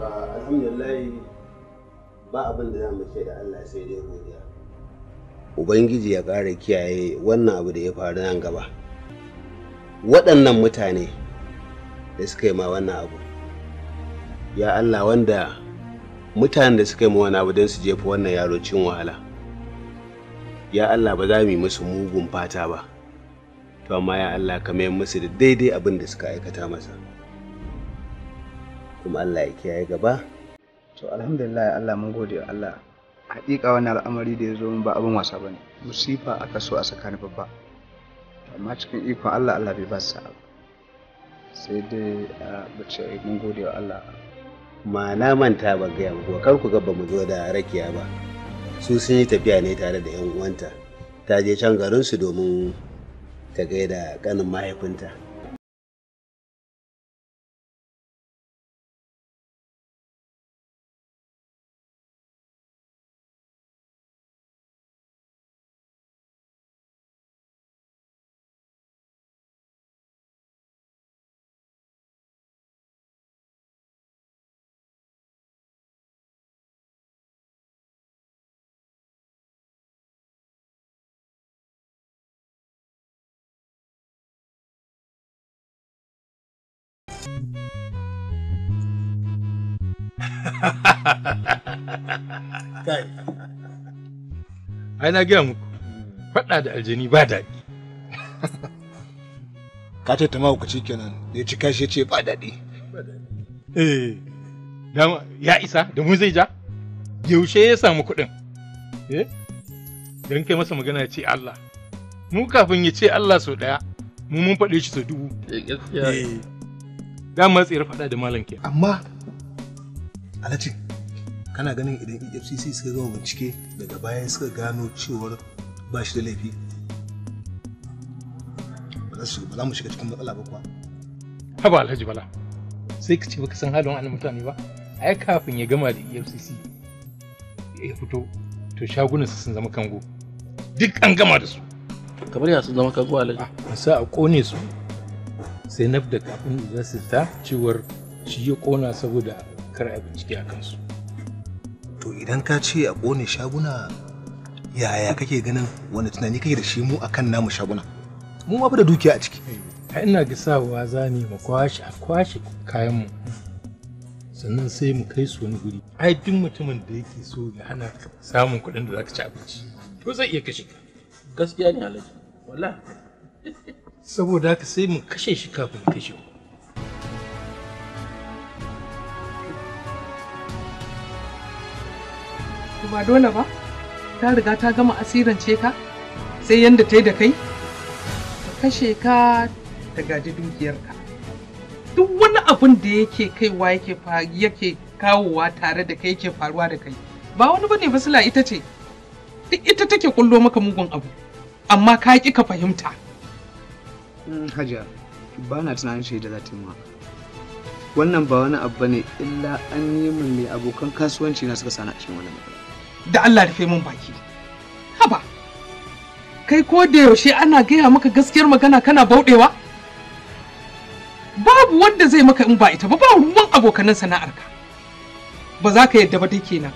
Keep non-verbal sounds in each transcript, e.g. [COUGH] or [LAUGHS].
alhamdulillah ba abin da za ce da Allah sai dai godiya ubangiji ya ƙara kiyaye wannan abu da ya faru nan gaba waɗannan mutane da suka yi ma wannan abu ya Allah wanda mutanen da suka yi ma wani abu don su jefa wannan yaro cin wahala ya Allah ba za mu yi musu mugun fata ba to amma ya Allah ka mayar musu da daidai abin da suka aikata masa kuma Allah ya kiyaye gaba to alhamdulillah Allah mun gode wa Allah hakika wannan al'amari da ya zo ba abin wasa bane musifa aka so a saka ni babba amma cikin ikon Allah Allah bai ba su abu sai dai bace mun gode wa Allah ma na manta ba gaya muku kar ku ga mu zo da rakiya ba su sun yi tafiya ne tare da yan uwanta ta je can garinsu domin ta gaida kanin mahaifinta [LAUGHS] kai ai na gaya muku faɗa da aljini ba daɗi [LAUGHS] ka ta tama ku kenan ya ci kashi ce ba daɗi eh ya isa da mu zai ja yaushe ya samu kuɗin eh don kai masa magana ce Allah mu kafin ya ce Allah sau ɗaya mu mun faɗe shi sau dubu eh, dama tsira faɗa da malam ke amma alhaji kana ganin idan efcc suka gama bincike daga baya suka gano cewar ba shi da laifi ba za mu shiga cikin matsala ba kuwa haba alhaji bala sai ka ce baka san halin wani mutane ba ai kafin ya gama da efcc ya fito to su sun zama kango duk an gama da su kamar ya sun zama kango alhaji ah, sa a kone su zainab da kafin za su ta cewar shi ya kona saboda kar a bincike a kansu to idan ka ce a kone shaguna yaya kake ganin wani tunani kake da shi mu akan namu shaguna mu ma da dukiya a ciki ai ina ga sawa za mu kwashe a kwashe kayan mu sannan sai mu kai su wani guri ai duk mutumin da yake so ya hana samun kuɗin da zaka ci abinci to zai iya kashe ka gaskiya ne alhaji wallahi [LAUGHS] saboda haka sai mu kashe shi kafin kashe ku. ba dole ba ta riga ta gama asirance ka sai yadda ta yi da kai ka kashe ka ta gaji dukiyarka duk wani abun da yake kaiwa yake yake kawowa tare da kai yake faruwa da kai ba wani bane basila ita ce duk ita take kullo maka mugun abu amma ka ki ka fahimta Mm, hajiya ba na tunanin shaida za ta yi ma. wannan ba wani abu ne illa an yi min ne abokan kasuwanci na suka sana a cikin wannan da Allah rufe mun baki haba kai ko da yaushe ana gaya maka gaskiyar magana kana bauɗewa babu wanda zai maka in ba ita ba ba ruwan abokanan sana'arka ba za ka yadda ba dai kenan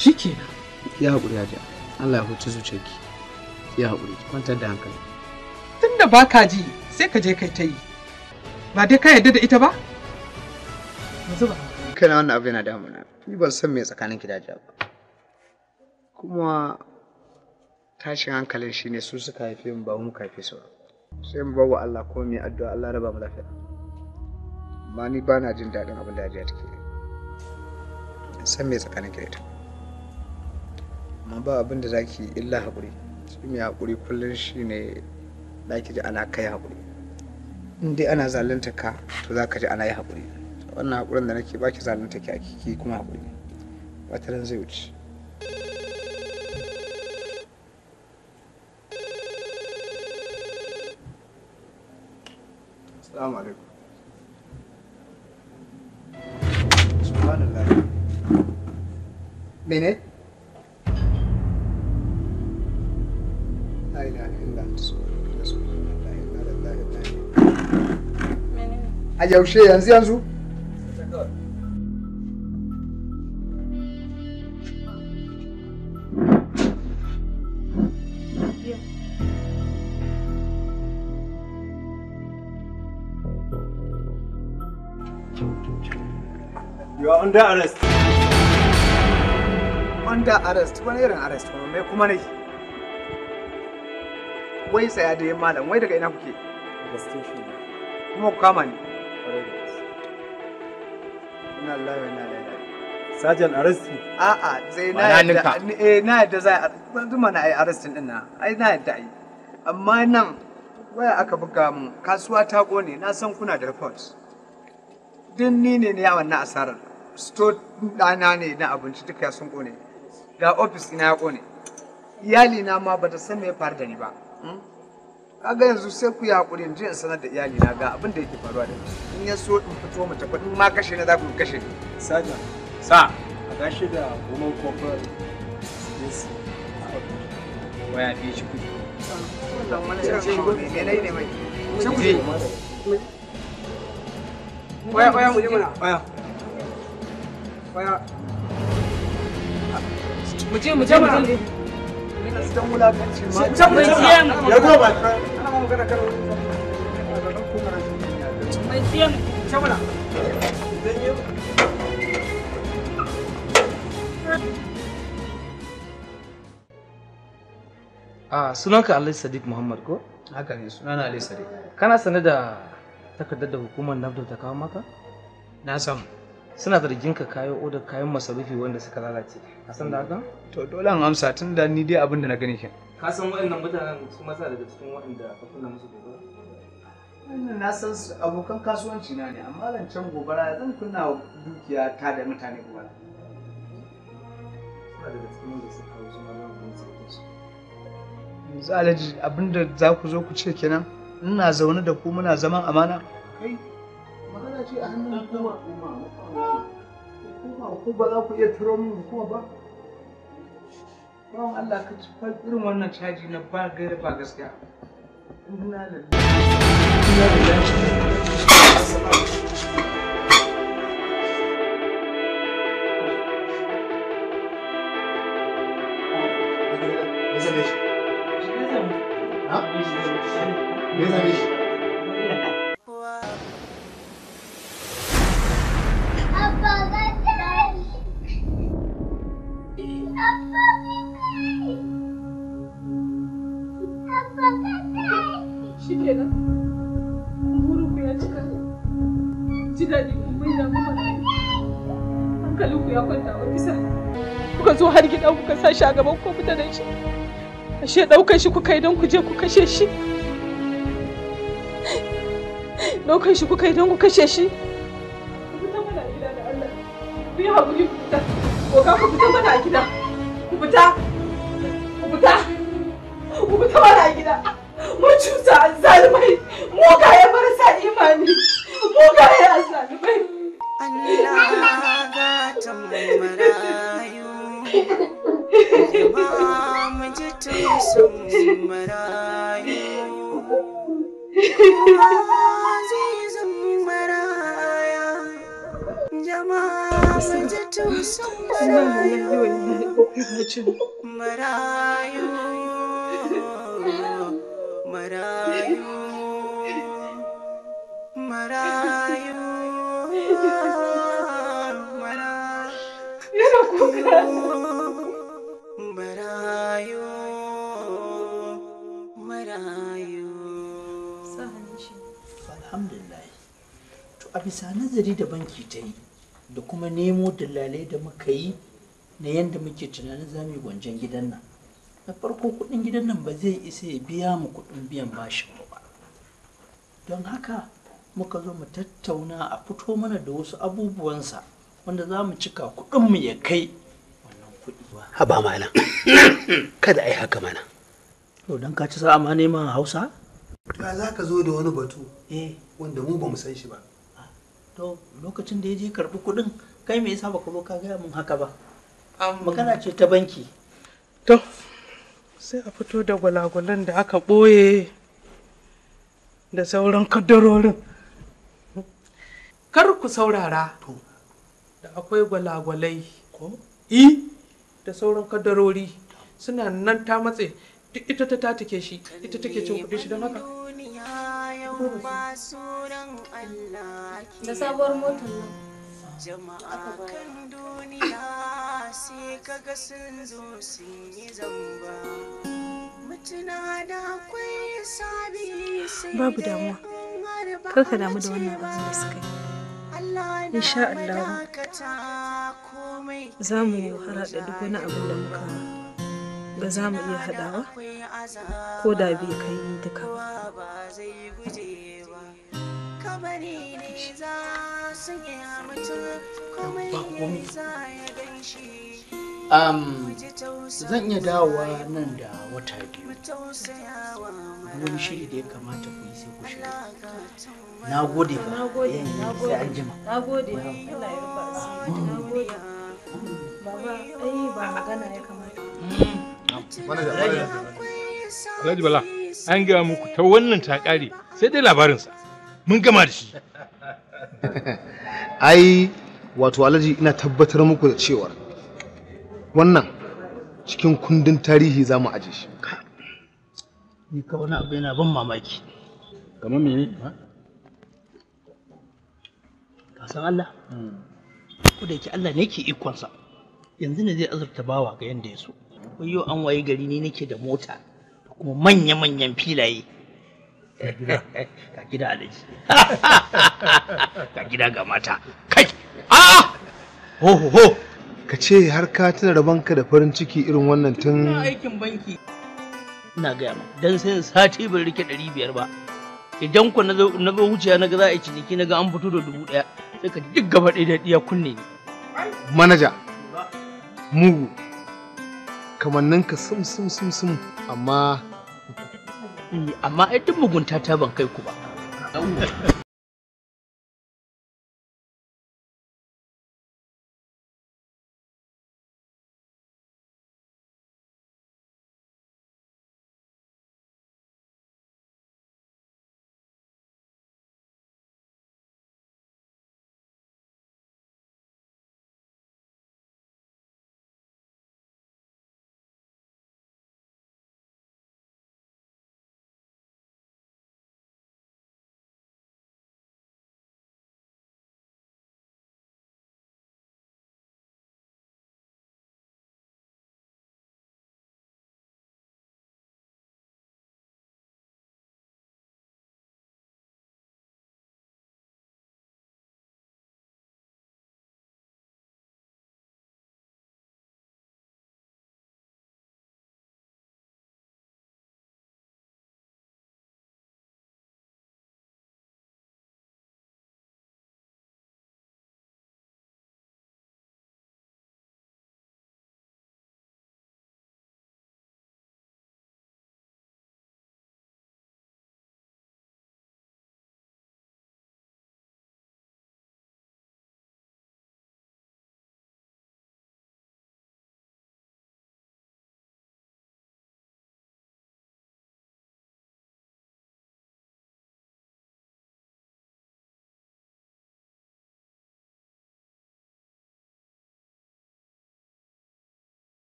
shi kenan ya haƙuri hajiya Allah ya huci zuciyarki ya haƙuri ki kwantar da hankali tunda ba ka ji sai ka je kai ta yi ba dai ka yarda da ita ba yanzu ba na wannan abu yana damuna ni ban san me tsakanin ki da ba kuma tashin hankalin shine su suka haife mu ba mu haife su ba sai mu bawa Allah ko mu addu'a Allah raba mu lafiya amma ni ba na jin daɗin abin da Hajiya take san me tsakanin ki da ita amma ba abin da zaki illa haƙuri mai haƙuri kullum shi ne ɗaki ji ana kai haƙuri in dai ana zalunta ka to za ka ji ana yi haƙuri wannan haƙurin da nake baki zalunta ki a kiki kuma haƙuri wataran zai wuce Assalamu alaikum. Subhanallah. yaushe yanzu yanzu You are under arrest. Under arrest? Wani irin arrest kuma mai kuma ne? Wai saya da yin malam, wai daga ina kuke? Daga station. Kuma ku kama ni. Sajan lillahi A a, sai na yadda eh na yadda za a zuma mana ai arrestin din na. Ai na yadda ai. Amma nan waya aka buga mu kasuwa ta kone na san kuna da report. Din ni ne ne ya wannan asarar. Sto dana ne na abinci duka sun kone. Ga office ina ya kone. Iyali na ma bata san me ya faru da ni ba. Hmm? kaga yanzu sai ku yi hakuri in sanar da iyali na ga abin da yake faruwa da in ya so in fito mu tafi in ma kashe ne za ku kashe ni sajan sa a gashi da woman kofar waya bi shi kuɗi ah, ne waya don wulakanci ma sunanka Ali Sadiq Muhammad ko haka ne sunana Ali Sadiq kana sanar da takardar da hukumar NAFDA ta kawo maka na samu suna zargin ka kayo odar kayan masarufi wanda suka lalace ka san da haka to dole an amsa tun da ni dai abin da na gani ke. ka san waɗannan mutanen su masa daga cikin waɗanda ka kunna musu gobara wannan na san abokan kasuwanci na ne amma can gobara zan kunna dukiya ta da mutane gobara suna daga cikin wanda suka kawo su ma zan kunna su yanzu alhaji abinda za ku zo ku ce kenan ina zaune da ku muna zaman amana kai ce a hannun hukuma hukuma ko ba za ku iya turo min hukuma ba Allah ka ci irin wannan caji na ba gaira ba Shi kenan, burinku ya cika, kuma ya Kuka zo har gida kuka a gaban ko fita da shi, ashe ɗaukar shi kuka yi don ku je ku kashe shi. Ɗaukar shi kuka yi don ku kashe shi. nazari da banki ta yi da kuma nemo dalilai da muka yi na yadda muke tunanin za mu gwanjan gidan nan na farko kudin gidan nan ba zai isa ya biya mu kudin biyan bashin ba don haka muka zo mu tattauna a fito mana da wasu abubuwansa wanda za mu cika mu ya kai wannan kudi haba malam kada ai haka mana to dan ka ci sa'a ma neman hausa ba za ka zo da wani batu eh. wanda mu ba mu san shi ba to lokacin da ya je karbi kuɗin kai me yasa baka zo ka gaya min haka ba magana ce ta banki to sai a fito da gwalagwalan da aka ɓoye da sauran kaddarorin kar ku saurara da akwai gwalagwalai i da sauran kaddarori suna nan ta matse duk ita ta take shi ita take cin kuɗi shi don haka ba sunan Allah da sabuwar motar nan jama'a kan duniya sai kaga sun zo sun yi zamba mutuna da akwai sabi babu damuwa kar ka damu da wannan abin da suka yi insha Allah za mu harhaɗa duk wani abin da muka ba za mu iya haɗawa ko da bai kai duka ba Um, zan iya dawowa nan da wata biyu wani shiri da ya kamata ku yi sai ku shiga na gode ba eh, sai an jima na gode ba ba ba ba ba ba ba ba ba ba ba ba Alhaji Bala, an gaya muku ta wannan ta sai dai labarinsa. Mun gama da shi. [LAUGHS] Ai, wato Alhaji ina tabbatar muku da cewar wannan cikin kundin tarihi za mu aje shi. Ni ka wani abu yana ban mamaki. Kamar mene? Ka san Allah? Hmm. Ko da yake Allah ne ke ikonsa. Yanzu ne zai azurta bawa ga yanda ya so. wai yau an waye gari ni nake da mota kuma manya-manyan filaye ka gida alaji ka [LAUGHS] gida ga mata kai a ho ho ka ce har ka tuna rabanka da farin ciki irin wannan tun aikin banki ina gaya ma dan sai sati bai rike ɗari biyar ba idan ku na zo wuciya na ga za a yi ciniki na ga an fito da dubu ɗaya. sai ka duk gaba ɗaya da kunne ne manaja mugu kamanninka sum sum sum sum amma amma ita mugunta ta ban kai ku ba [LAUGHS] [LAUGHS]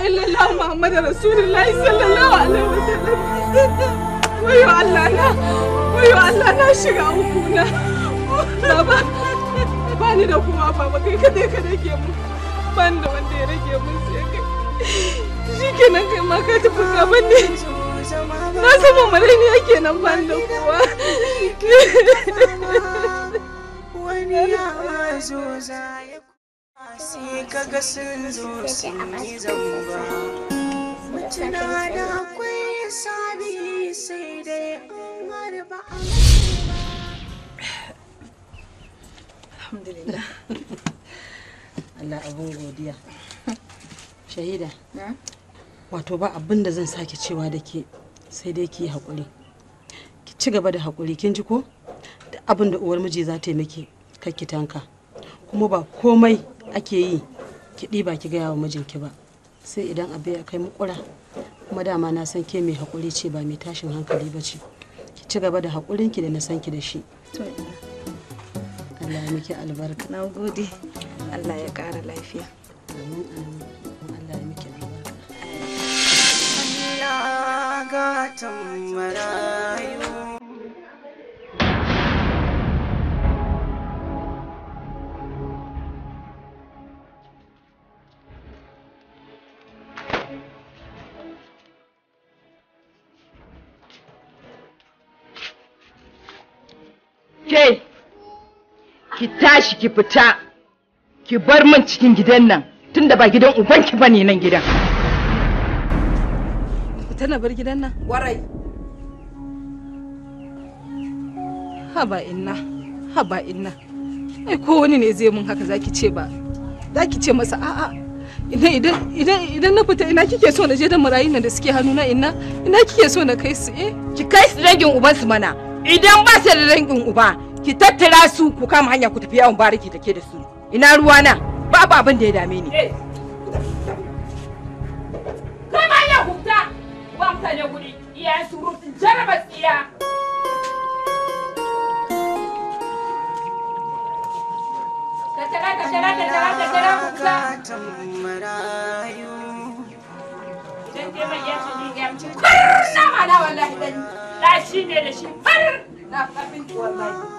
illallah Muhammadu Rasulullah sallallahu alaihi wasallam. Wayo Allah na, wayo Allah na shiga uku na. Baba, ba da kuma baba kai kadai ka rage mu. Ban da wanda ya rage mun sai kai. Shi kai ma ka tafi gaban ne. Na sama marai yake nan ban da kowa. Wani ya zo za sai kaga a Allah godiya shahida wato ba abin da zan sake cewa da ke sai dai ki yi haƙuri ki ci gaba da haƙuri kin ji ko abin da uwar miji za ta yi miki kakki tanka kuma ba komai ake yi kiɗi ba ki gaya wa mijinki ba sai idan abu ya kai mukura kuma dama na san ke mai haƙuri ce ba mai tashin hankali ba ce ki ci gaba da haƙurinki da na san ki da shi Allah ya miki albarka na gode Allah ya ƙara lafiya Allah ya miki albarka Allah ga tambara ki tashi ki fita ki bar min cikin gidan nan tunda ba gidan ubanki bane nan gidan fita na bar gidan nan warai haba inna haba inna ai ko wani ne zai mun haka zaki ce ba zaki ce masa a'a idan idan idan idan na fita ina kike so na je da marayun nan da suke hannuna ina ina kike so na kai su eh ki kai su ragin uban su mana idan ba su da ragin uba ki tattara su ku kama hanya ku tafi yawon bariki take da su ina ruwa na babu abin da ya dame ni eh, kama hanya ku ba ba mutane guri iyayen surutun jaraba tsiya tattara tattara tattara ku idan mana wallahi dan da shi ne da shi na kafin wallahi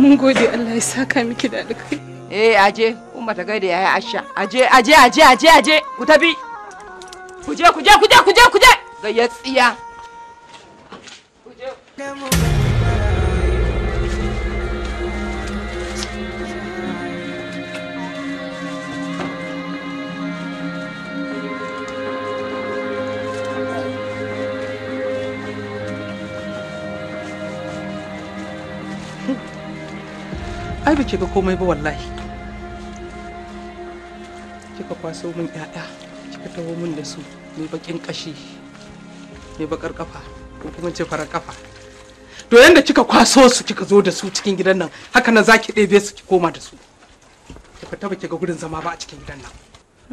mun gode Allah ya saka miki da alkai eh aje umma ta gaida yayi asha aje aje aje aje aje ku tabi ku je ku je ku je ku je ku je ga yatsiya ku je ai ba ga komai ba wallahi kika kwaso min ƴaƴa kika tawo min da su mai bakin kashi mai bakar kafa ko kuma ce farar kafa to yanda kika kwaso su kika zo da su cikin gidan nan haka nan zaki ɗebe su ki koma da su ki fita ba ki ga gurin zama ba a cikin gidan nan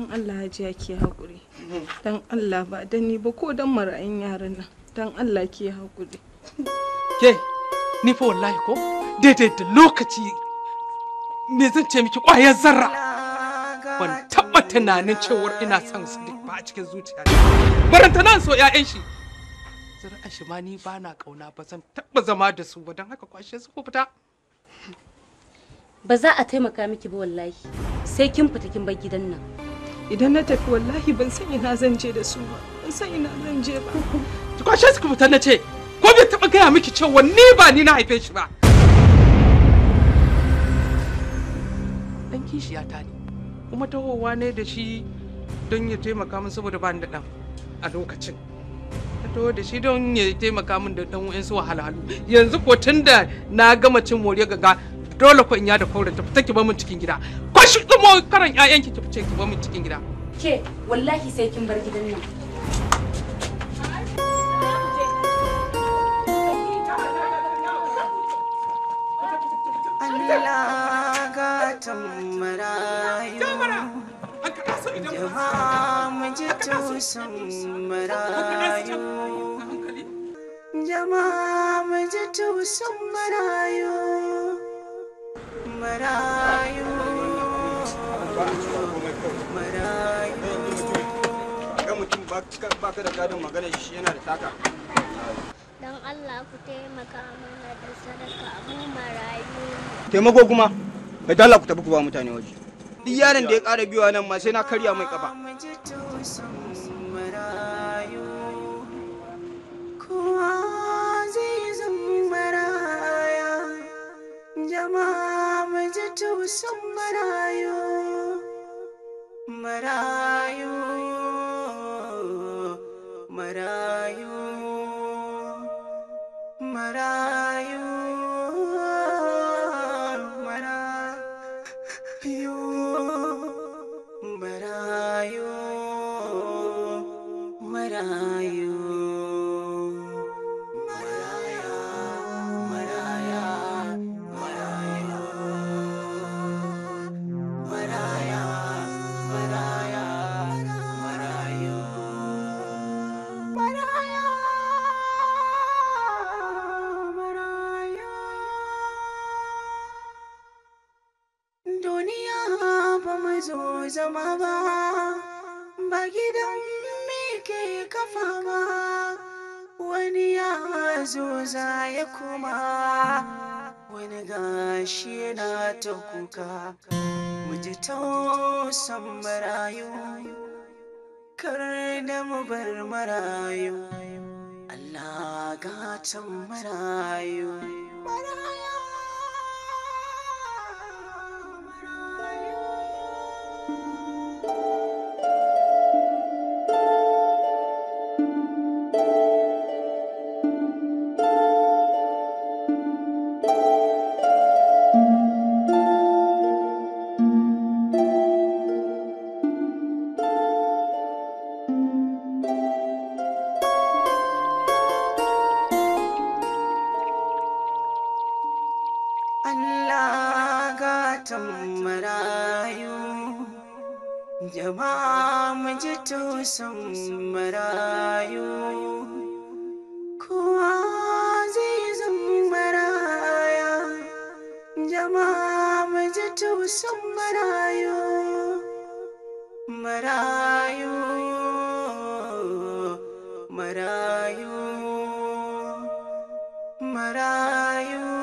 dan Allah ya ke hakuri dan Allah ba dan ni ba ko dan marayin yaran nan dan Allah ke hakuri ke ni fa wallahi ko daidai da lokaci me zan ce miki kwayar zarra ban taɓa tunanin cewar ina son duk ba a cikin zuciya baranta nan so 'ya'yan shi zuri'an shi ma ni ba na ƙauna ba zan taɓa zama da su ba don haka kwashe su ko fita ba za a taimaka miki ba wallahi sai kin fita kin bar gidan nan idan na tafi wallahi ban san ina zan je da su ba ban san ina zan je ba kwashe su ku fita na ce ko bai taɓa gaya miki cewa ni ba ni na haife shi ba kishiyata ne kuma tahowa ne da shi don ya taimaka min saboda ba da ɗan a lokacin ta taho da shi don ya taimaka min da ɗan wa'insu wahalhalu yanzu ko tun da na gama cin moriya gaga dole ko in ya da kore ta fita ki bar min cikin gida ko shi kuma karan ƴaƴan ki fice ki bar min cikin gida ke wallahi sai kin bar gidan nan Allah bukatan marayu jama'a mu ji tausan marayu jama'a mu ji tausan marayu marayu marayu da gadon magana shi yana da taka don Allah ku taimaka mana da sadaka mu marayu taimako kuma mai dala ku tafi ku ba mutane waje duk yaron da ya ƙara biyo nan ma sai na karya mai kafa shi yana ta kuka mu ji tausan marayu kar da mu bar marayu Allah gatan marayu marayu marayu marayu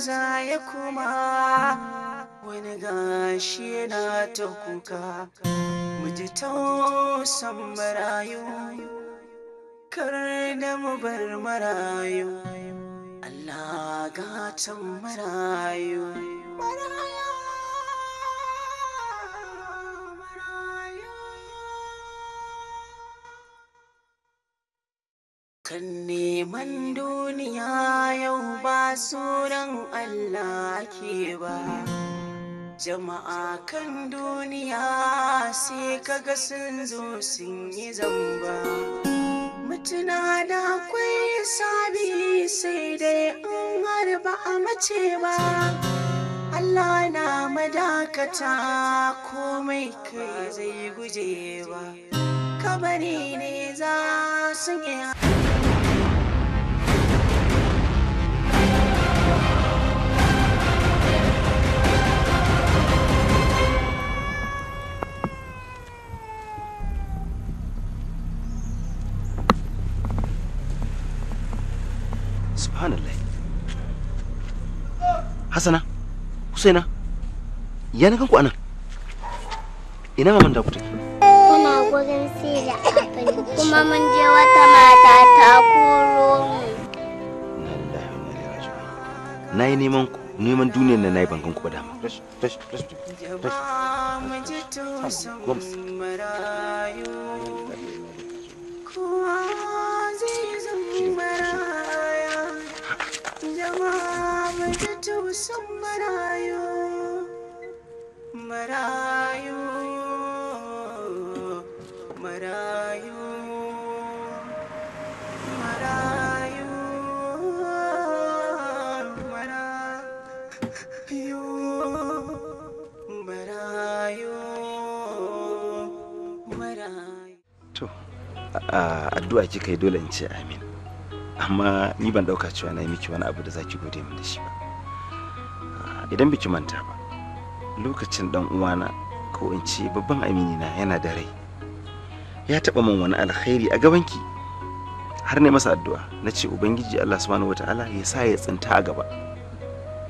maza ya kuma wani gashi yana ta kuka muji tausan marayu kar da mu bar marayu Allah gatan marayu marayu kan neman duniya yau ba sunan Allah ke ba jama'a kan duniya sai kaga sun zo sun yi zamba mutuna da akwai sabi sai dai an harba a mace ba Allah na madakata komai kai zai guje ba kabari ne za su yi Hasana, Husaina, ya na ganku anan. Ina maman da kuta take? Muna gurin sai da abin kuma mun je wata mata ta koro mu. Na yi neman ku neman duniyar nan na yi bangan ku ba dama. Kowa zai zama jama'a mai tausan marayu marayu marayu marayu marayu marayu marayu to addu'a kika yi dole in ce amin amma ni ban dauka cewa na yi miki wani abu da ki gode min da shi ba ah, idan biki manta ba lokacin dan uwana ko in ce babban amini na yana da rai ya taba min wani alkhairi a gabanki har ne masa addu'a na ce ubangiji Allah subhanahu wataala ya sa ya tsinta a gaba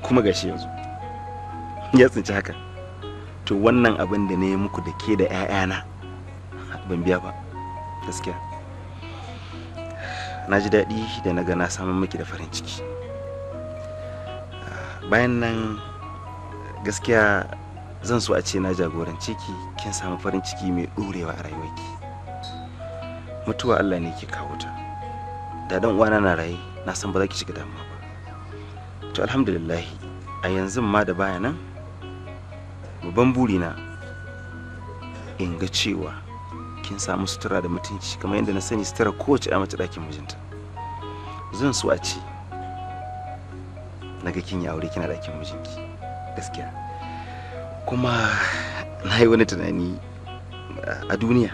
kuma gashi yanzu ya tsinci haka to wannan abin da na yi muku da ke da 'ya'yana ban biya ba gaskiya na ji daɗi da naga ga na samun miki da farin ciki bayan nan gaskiya zan so a ce na jagoranci ki kin samu farin ciki mai ɗorewa a rayuwarki mutuwa allah ne ke kawo ta da dan uwana na raye na san ba za ki shiga damuwa ba to alhamdulillah a yanzu ma da baya nan babban burina in ga cewa kin samu sutura da mutunci kamar yadda na sani sutura kowace a mace ɗakin mijinta zan so a ce na ga kin yi aure kina da kin mijinki gaskiya kuma na yi wani tunani a duniya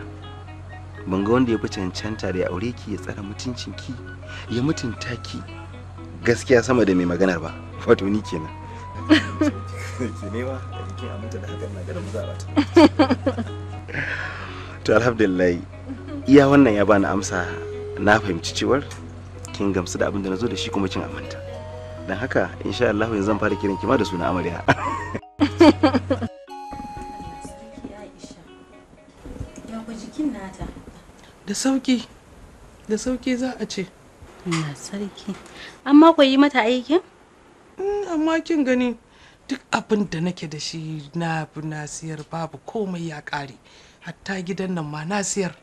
ban ga wanda ya fi cancanta da ya aure ki ya tsara mutuncinki ya mutunta ki gaskiya sama da mai maganar ba wato ni kenan [LAUGHS] to alhamdulillah iya wannan ya bani amsa na fahimci cewar kin gamsu da abin da na zo da shi kuma kin aminta don haka insha Allah yanzu zan fara kiran ma da suna amarya da sauki da sauki za a ce na sarki amma ku yi mata aikin mm, amma kin gani duk abin da nake da shi na nasiyar babu komai ya ƙare hatta gidan nan ma nasiyar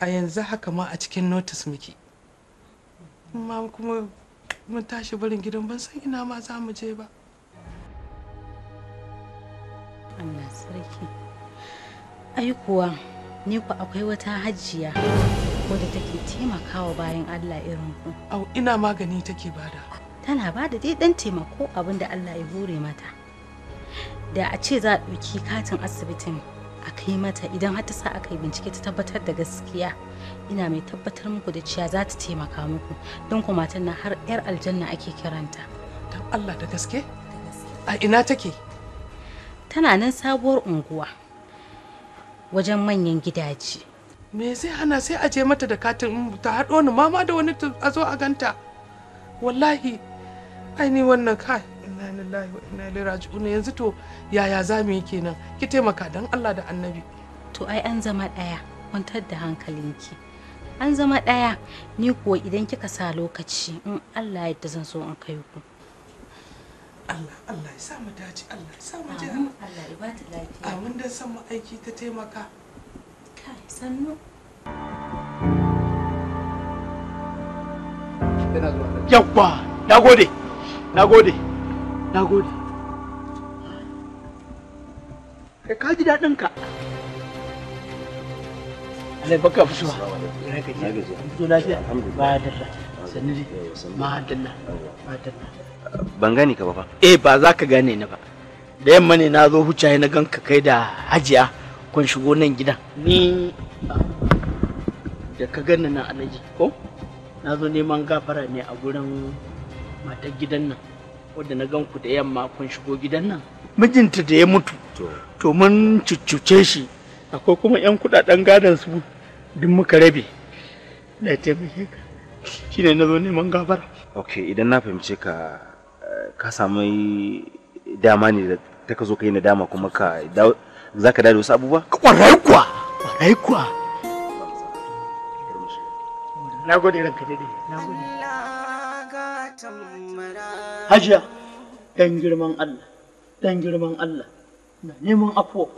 a yanzu haka ma a cikin notice muke amma kuma mun tashi barin gidan ban san ina ma za mu je ba Allah sarki ai kuwa ni ku akwai wata hajjiya wadda take taimakawa bayan Allah irin ku au ina magani take bada tana bada dai dan taimako abin da Allah ya hore mata da a ce za a ɗauki katin asibitin a kai mata idan har ta sa aka yi bincike ta tabbatar da gaskiya ina mai tabbatar muku da cewa za ta taimaka muku don ku matan nan har 'yar aljanna ake kiranta dan Allah da gaske a ina take tana nan sabuwar unguwa wajen manyan gidaje me zai hana sai a je mata da katin ta haɗo ni mama da wani a zo a ganta wallahi ai ni wannan kai inna lillahi wa inna ilaihi raji'un yanzu to yaya za mu yi kenan ki taimaka dan Allah da annabi to ai an zama ɗaya kwantar da hankalinki an zama ɗaya ni kuwa idan kika sa lokaci in Allah ya zan so in kai ku Allah Allah ya sa mu dace Allah ya sa mu ji Allah ya ba ta lafiya amin dan san mu aiki ta taimaka kai sannu yawwa nagode nagode nagode kai ka ji dadin ka Allah baka fito ina ka je ba a ba dalla sanni ji ma dalla ma dalla ban gani ka ba fa eh ba za ka gane ni ba da yamma ne na zo hucaye na ganka kai da hajiya kun shigo nan gidan ni da ka gani na alaji ko na zo neman gafara ne a gurin matar gidan nan wadda na gan ku da yamma kun shigo gidan nan mijinta da ya mutu to mun cuccuce shi akwai kuma 'yan kudaden gadon su duk muka rabe da ya taimake ka shi ne na zo neman gafara ok idan na fahimce ka ka samu dama ne da ta ka zo ka yi na dama kuma ka za ka dada wasu abubuwa kwarai kuwa kwarai kuwa na gode ranka daidai na gode hajiya dan girman allah dan girman allah na neman afuwa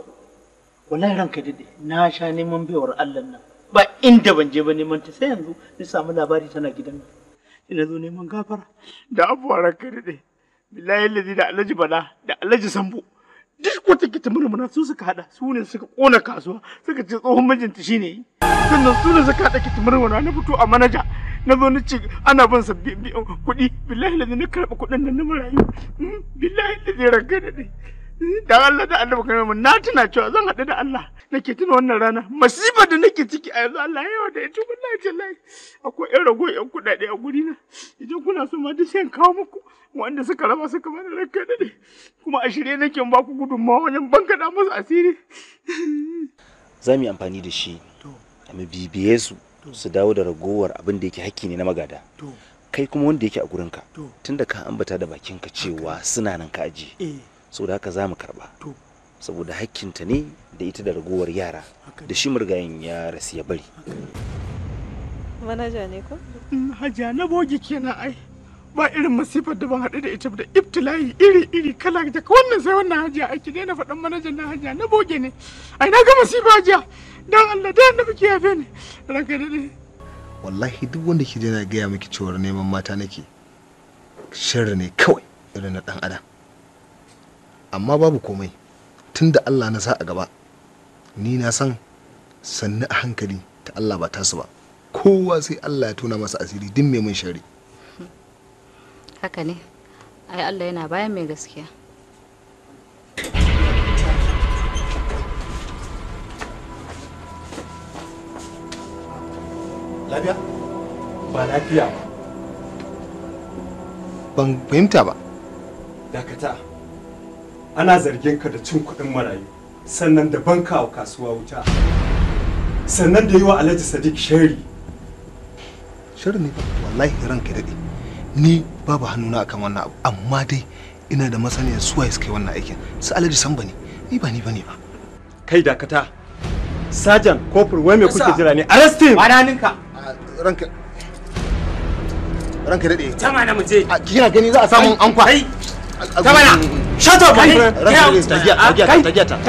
wallahi ranka daidai na sha neman baiwar allah nan ba inda ban je ba neman ta sai yanzu na samu labari tana gidan nan ina zo neman gafara da abuwa ranka dai billahi lazi da alhaji bala da alhaji sambo duk wata kita murmuna su suka hada su ne suka kona kasuwa suka ce tsohon mijinta shine sannan su ne suka hada kita murmuna na fito a manaja na zo na ce ana bin sa kuɗi billahi lazi na karɓa kuɗin nan na marayu hmm? billahi lazi ranka dai da Allah da Allah kai mun na tuna cewa zan haɗu da Allah nake tuna wannan rana masifa da nake ciki a yanzu Allah yawa da ita wallahi tallahi akwai ƴan rago ƴan kuɗaɗe a guri na idan kuna so ma duk shan kawo muku wanda suka raba suka mana ranka da kuma a shirye nake ba ku gudunmawa wajen bankada musu asiri za mu yi amfani da shi a mu bibiye su su dawo da ragowar abin da yake hakki ne na magada kai kuma wanda yake a gurinka tunda ka ambata da bakinka cewa suna nan ka ajiye eh. da haka za mu karba saboda hakkinta ne da ita da ragowar yara da shi murgayen ya rasu ya bari manaja ne ko mm, hajiya na bogi kenan ai ba irin masifar da ban haɗu da ita da iftilayi iri iri kala da wannan sai wannan hajiya ake daina faɗan manajan na hajiya na boge ne ai na ga masifa hajiya dan Allah da annabi ki yafe ni ranka dade wallahi duk wanda ke je gaya miki cewar neman mata nake sharri ne kawai irin na dan adam amma babu komai tunda da allah na sa a gaba ni na san sannu a hankali ta allah ba tasu ba kowa sai allah ya tona masa asiri din mai mun shari haka ne ai allah yana bayan mai gaskiya lafiya ba lafiya ban fahimta ba dakata ana zargin ka da cin kuɗin marayu sannan da banka a kasuwa wuta sannan da yi wa alhaji sadiq shari shari ne wallahi ka daɗe ni babu hannuna akan wannan abu amma dai ina da masaniyar suwa suka yi wannan aikin su alhaji San bane ni ba ni bane ba kai dakata sajan kofur wai me kuke jira ne arrestin mananinka ranka ranka daɗe tama na mu je kina gani za a samu ankwa kai tamana Shut up, my friend. Get out. Get out. Get out. out. Get out. out. Get out.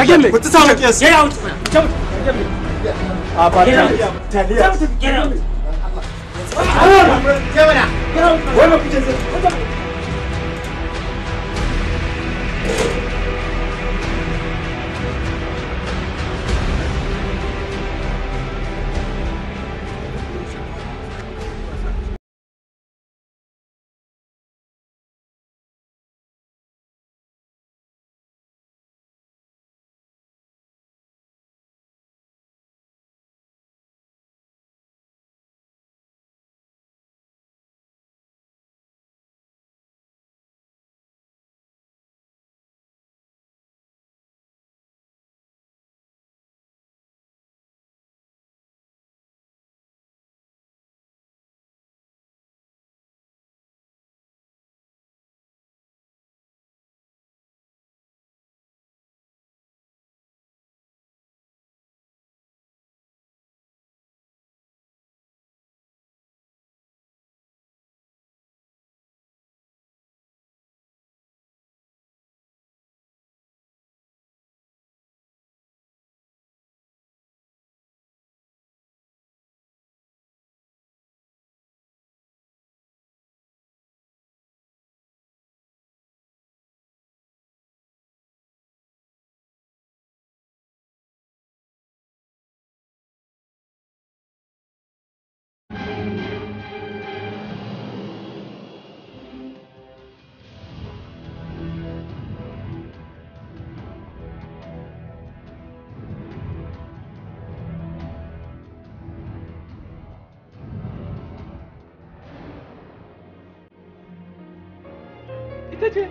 out. Get out. Get out. 去。